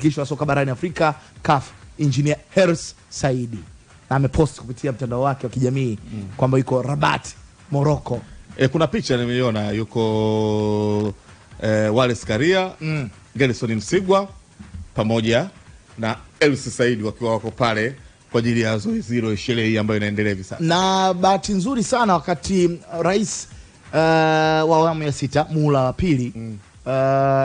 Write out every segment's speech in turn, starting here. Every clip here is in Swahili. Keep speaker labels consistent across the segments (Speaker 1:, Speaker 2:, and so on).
Speaker 1: Shirikisho la soka barani Afrika CAF, Engineer Hers Saidi na amepost kupitia mtandao wake wa kijamii mm. kwamba yuko Rabat Morocco.
Speaker 2: E, kuna picha nimeiona yuko e, Wallace Karia mm. Gerson Msigwa pamoja na Els Saidi wakiwa wako pale kwa ajili ya zoezi hilo, sherehe hii ambayo inaendelea hivi sasa.
Speaker 1: Na bahati nzuri sana wakati rais uh, wa awamu ya sita muhula wa pili mm. Uh,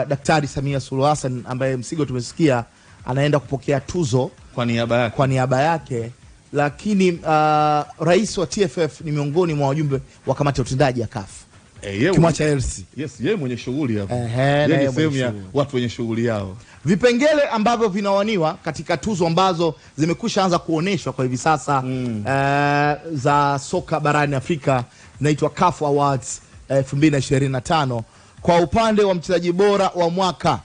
Speaker 1: Daktari Samia Suluhu Hassan ambaye Msigo tumesikia anaenda kupokea tuzo
Speaker 2: kwa niaba yake,
Speaker 1: kwa niaba yake lakini uh, rais wa TFF ni miongoni mwa wajumbe wa kamati ya utendaji ya CAF eh, kimwacha RC.
Speaker 2: Yes, yeye mwenye shughuli hapo. Yeye ni sehemu ya watu wenye shughuli yao.
Speaker 1: Vipengele ambavyo vinawaniwa katika tuzo ambazo zimekwisha anza kuonyeshwa kwa hivi sasa mm. uh, za soka barani Afrika inaitwa CAF Awards 2025 uh, eh, kwa upande wa mchezaji bora wa mwaka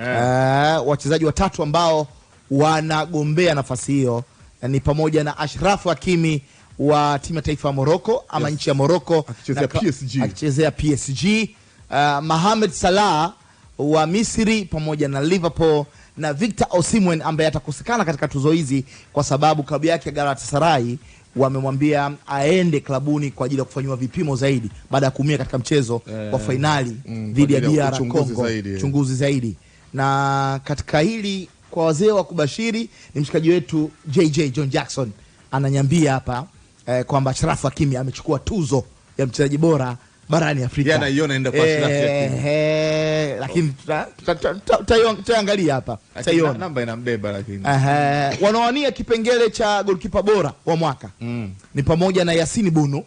Speaker 1: yeah. Uh, eh, wachezaji watatu ambao wanagombea nafasi hiyo ni pamoja na Ashraf Hakimi wa timu ya taifa ya moroko ama yes. nchi ya Moroko akichezea PSG, PSG. Uh, Mohamed Salah wa Misri pamoja na Liverpool na Victor Osimhen ambaye atakosekana katika tuzo hizi kwa sababu klabu yake ya Galatasaray wamemwambia aende klabuni kwa ajili ya kufanyiwa vipimo zaidi baada ya kuumia katika mchezo yeah, wa eh, fainali mm, dhidi ya DR Congo, chunguzi zaidi. Na katika hili kwa wazee wa kubashiri ni mshikaji wetu JJ John Jackson ananyambia hapa eh, kwamba Sharafu Hakimi amechukua tuzo ya mchezaji bora barani Afrika
Speaker 2: yaani naiona inaenda kwa eh, shirika eh,
Speaker 1: eh, lakini oh. tutaiangalia hapa, tutaiona
Speaker 2: namba inambeba, lakini
Speaker 1: wanaowania kipengele cha golikipa bora wa mwaka mm. ni pamoja na Yasini Bunu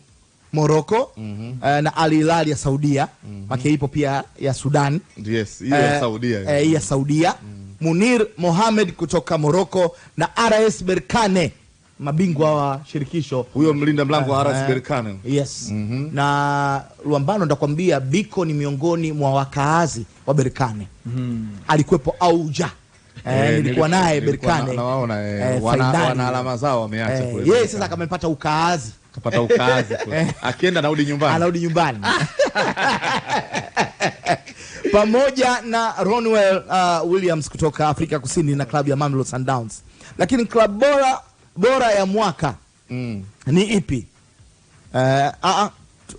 Speaker 1: Morocco mm -hmm. na Al Hilal ya Saudia mm -hmm. ipo pia ya Sudan
Speaker 2: yes, hiyo ya Saudia,
Speaker 1: eh, ya Saudia. Mm. Munir Mohamed kutoka Morocco na RS Berkane mabingwa wa shirikisho
Speaker 2: huyo mlinda mlango wa RS eh, Berkane.
Speaker 1: Yes. mm -hmm. na Luambano ndakwambia Biko ni miongoni mwa wakaazi wa Berkane. mm -hmm. alikuwepo auja Eh, eh nilikuwa naye Berkane
Speaker 2: nawaona eh, wana alama zao wameacha kule.
Speaker 1: Yeye sasa akamepata ukaazi
Speaker 2: kapata ukaazi kule, akienda anarudi nyumbani,
Speaker 1: anarudi nyumbani pamoja na Ronwell uh, Williams kutoka Afrika Kusini na klabu ya Mamelodi Sundowns, lakini klabu bora bora ya mwaka mm. ni ipi? Uh,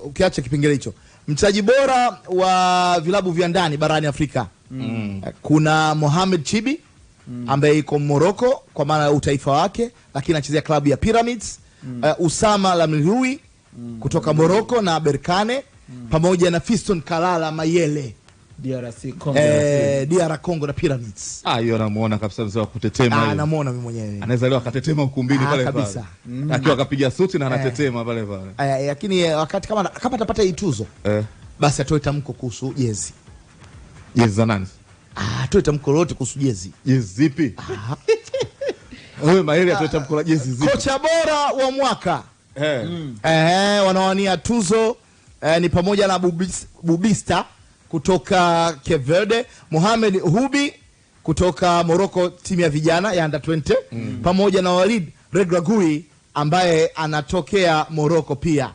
Speaker 1: ukiacha kipengele hicho, mchezaji bora wa vilabu vya ndani barani Afrika mm. Eh, kuna Mohamed Chibi mm. ambaye iko Morocco kwa maana ya utaifa wake, lakini anachezea klabu ya Pyramids mm. uh, Usama Lamlioui mm. kutoka Morocco na Berkane mm. pamoja na Fiston Kalala Mayele
Speaker 2: DR Congo
Speaker 1: eh, na Pyramids.
Speaker 2: Ah, hiyo namuona kabisa mzee wa kutetema
Speaker 1: ah, hiyo. Ah, namuona mimi mwenyewe.
Speaker 2: Anaweza leo akatetema ukumbini ah, pale pale. Kabisa. Mm. Akiwa akapiga suti na anatetema eh. pale pale.
Speaker 1: Eh, lakini wakati kama kama atapata hii tuzo eh, basi atoe tamko kuhusu jezi. Jezi za nani? Ah, atoe tamko lolote kuhusu jezi.
Speaker 2: Jezi zipi? Ah. Wewe Maeli atoe tamko la jezi zipi?
Speaker 1: Kocha bora wa mwaka. Eh. Eh, wanawania tuzo eh, ni pamoja na Bubista kutoka Keverde, Mohamed Hubi kutoka Morocco, timu ya vijana ya under 20 mm. pamoja na Walid Regragui ambaye anatokea Morocco pia,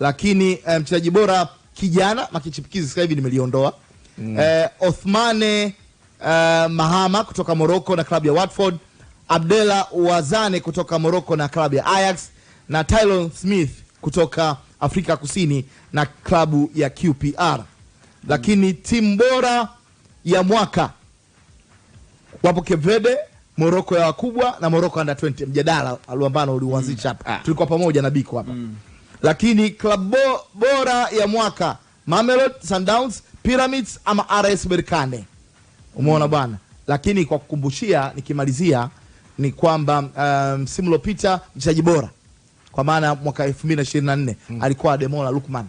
Speaker 1: lakini eh, mchezaji um, bora kijana makichipukizi sasa hivi nimeliondoa mm. eh, Othmane uh, Mahama kutoka Morocco na klabu ya Watford, Abdella Wazane kutoka Morocco na klabu ya Ajax na Tylon Smith kutoka Afrika Kusini na klabu ya QPR lakini timu bora ya mwaka wapo Kevede, Moroko ya wakubwa na Moroko under 20. Mjadala aliambano uliuanzisha hapa mm. tulikuwa pamoja na Biko hapa mm. lakini klabu bo, bora ya mwaka Mamelodi Sundowns, Pyramids ama RS Berkane, umeona mm. bwana. Lakini kwa kukumbushia, nikimalizia ni kwamba um, msimu um, uliopita mchezaji bora kwa maana mwaka 2024 mm. alikuwa Ademola Lukman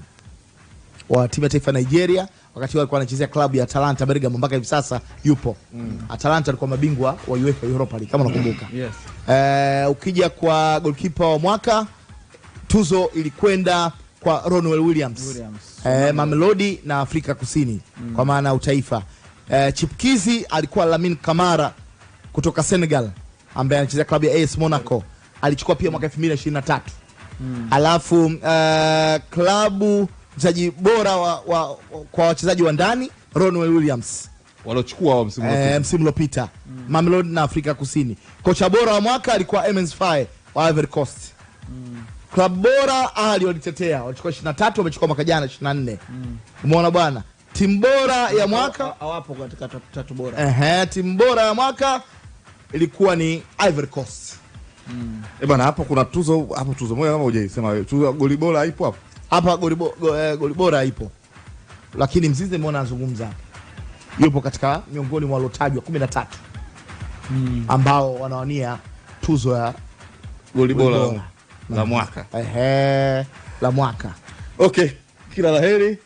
Speaker 1: wa timu ya taifa Nigeria wakati alikuwa anachezea klabu ya Atalanta Bergamo, mpaka hivi sasa yupo mm. Atalanta alikuwa mabingwa wa UEFA Europa League kama unakumbuka. Yes. Eh, ukija kwa goalkeeper wa mwaka tuzo ilikwenda kwa Ronwell Williams, Williams. Eh, Mamelodi na Afrika Kusini mm. kwa maana ya utaifa. Eh, chipkizi alikuwa Lamine Kamara kutoka Senegal ambaye anachezea klabu ya AS Monaco alichukua pia mwaka 2023 mm. alafu uh, klabu mchezaji bora wa, wa, wa, kwa wachezaji wa ndani Ronwell Williams
Speaker 2: walochukua wa msimu
Speaker 1: uliopita e, msimu mm. Mamelodi na Afrika Kusini. Kocha bora wa mwaka alikuwa Emens Faye wa Ivory Coast mm. Klabu bora Ahli walitetea, walichukua 23, wamechukua mwaka jana 24. Mm. Umeona bwana, timu bora ya mwaka
Speaker 2: hawapo katika tatu bora.
Speaker 1: Ehe, timu bora ya mwaka ilikuwa ni Ivory Coast.
Speaker 2: Mm. Eh, bwana hapo kuna tuzo hapo, tuzo moja kama hujaisema tuzo goli bora haipo hapo
Speaker 1: hapa goli eh, goli bora ipo, lakini Mzize mbona anazungumza yopo yupo katika miongoni mwa waliotajwa kumi na tatu mm. ambao wanawania tuzo ya
Speaker 2: goli bora la hmm. mwaka
Speaker 1: ehe, la mwaka.
Speaker 2: Okay, kila laheri.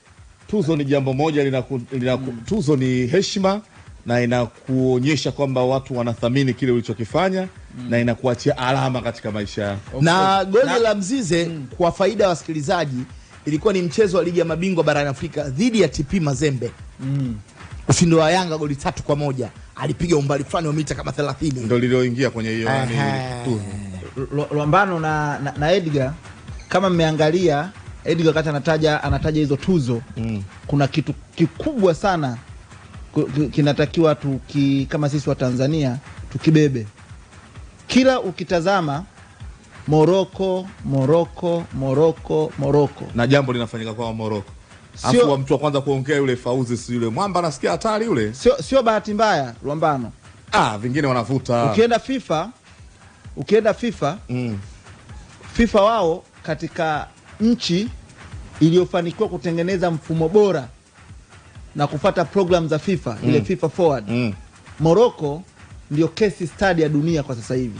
Speaker 2: Tuzo ni jambo moja linaku, linaku, mm. tuzo ni heshima na inakuonyesha kwamba watu wanathamini kile ulichokifanya mm. na inakuachia alama katika maisha yao
Speaker 1: okay. na goli na... la Mzize mm. kwa faida ya wasikilizaji ilikuwa ni mchezo wa ligi ya mabingwa barani Afrika dhidi ya TP Mazembe mm. ushindi wa Yanga goli tatu kwa moja alipiga umbali fulani wa mita kama 30
Speaker 2: ndio lilioingia kwenye hiyo
Speaker 1: Lwambano na, na, na Edgar kama mmeangalia Edgar wakati anataja anataja hizo tuzo mm. kuna kitu kikubwa sana kinatakiwa tuki, kama sisi wa Tanzania tukibebe. Kila ukitazama Moroko, Moroko, Moroko, Moroko
Speaker 2: na jambo linafanyika kwa Moroko. Sio wa mtu wa kwanza kuongea yule Fauzi, si yule mwamba, anasikia hatari yule.
Speaker 1: Sio, sio bahati mbaya Rwambano.
Speaker 2: Ah, vingine wanavuta.
Speaker 1: Ukienda FIFA, ukienda FIFA mm. FIFA wao katika nchi iliyofanikiwa kutengeneza mfumo bora na kufata program za FIFA mm. ile FIFA Forward mm. Morocco ndio case study ya dunia kwa sasa hivi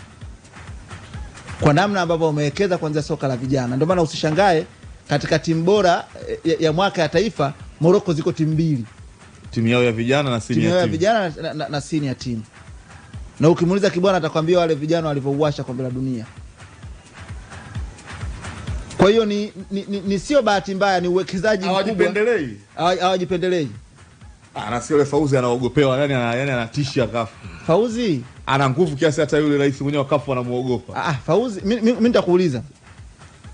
Speaker 1: kwa namna ambavyo wamewekeza kwanza soka la vijana. Ndio maana usishangae katika timu bora ya, eh, ya mwaka ya taifa Morocco ziko timu mbili,
Speaker 2: timu yao ya vijana na senior timu ya vijana na,
Speaker 1: na, na senior team. Na ukimuuliza Kibwana atakwambia wale vijana walivyouasha kombe la dunia. Kwa hiyo ni, ni, ni, ni sio bahati mbaya, ni uwekezaji mkubwa.
Speaker 2: Hawajipendelei,
Speaker 1: hawajipendelei.
Speaker 2: Anasikia ah, yule Fauzi anaogopewa, yani yani anatisha kafu. Fauzi ana nguvu kiasi hata yule rais mwenyewe kafu anamuogopa.
Speaker 1: Ah, ah Fauzi mimi nitakuuliza.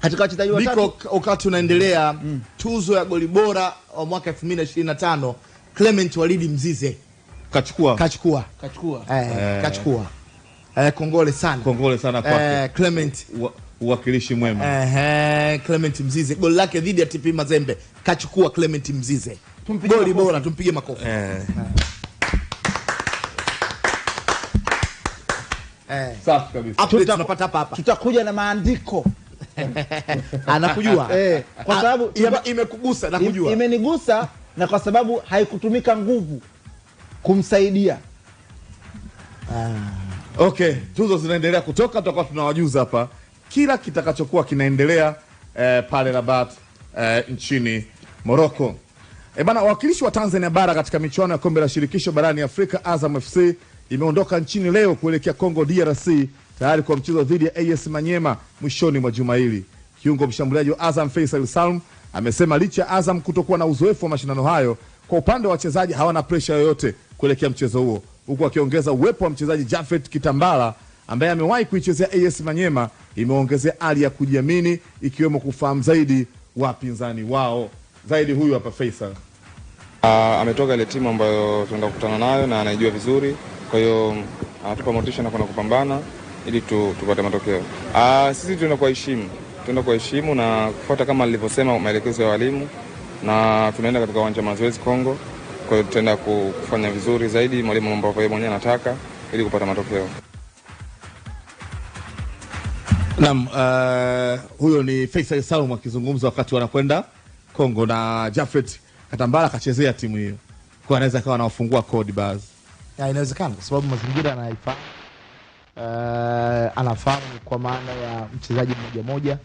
Speaker 1: Katika wachezaji watatu niko wakati unaendelea mm. tuzo ya goli bora wa mwaka 2025 Clement Walidi Mzize kachukua kachukua kachukua eh, eh, kachukua eh, kongole sana kongole sana kwake eh, Clement
Speaker 2: uwakilishi mwema
Speaker 1: eh, eh, Clement Mzize goli lake dhidi ya TP Mazembe kachukua Clement Mzize goli bora, tumpige makofi eh.
Speaker 2: Eh. eh. Safi kabisa.
Speaker 1: Tunapata hapa hapa. Tutakuja na maandiko anakujua
Speaker 2: eh, kwa sababu
Speaker 1: imekugusa na kujua. imenigusa na kwa sababu haikutumika nguvu kumsaidia
Speaker 2: ah. Okay, tuzo zinaendelea kutoka, tutakuwa tunawajuza hapa kila kitakachokuwa kinaendelea eh, pale Rabat eh, nchini Morocco. E bana, wawakilishi wa Tanzania bara katika michuano ya kombe la shirikisho barani Afrika, Azam FC imeondoka nchini leo kuelekea Congo DRC tayari kwa mchezo dhidi ya AS Manyema mwishoni mwa juma hili. Kiungo mshambuliaji wa Azam Faisal Salm amesema licha ya Azam kutokuwa na uzoefu wa mashindano hayo, kwa upande wa wachezaji hawana presha yoyote kuelekea mchezo huo, huku akiongeza uwepo wa mchezaji Jafet Kitambala ambaye amewahi kuichezea AS Manyema imeongezea hali ya kujiamini, ikiwemo kufahamu zaidi wapinzani wao. Zaidi huyu hapa Faisal.
Speaker 3: Uh, ametoka ile timu ambayo tunaenda kukutana nayo na anaijua vizuri, kwa hiyo anatupa motisha na kwenda kupambana ili tu, tupate matokeo. Uh, sisi tunaenda kuwaheshimu, tunaenda kuwaheshimu na kufuata kama alivyosema maelekezo ya walimu, na tunaenda katika uwanja wa mazoezi Kongo, kwa hiyo tutaenda kufanya vizuri zaidi mwalimu ambavyo yeye mwenyewe anataka ili kupata matokeo.
Speaker 2: Naam, uh, huyo ni Faisal Salum akizungumza wakati wanakwenda Kongo na Jafet Katambala akachezea timu hiyo, kwa anaweza akawa anawafungua code
Speaker 1: ya, Inawezekana kwa sababu mazingira anaifahamu, uh, eh, anafahamu kwa maana ya mchezaji mmoja moja.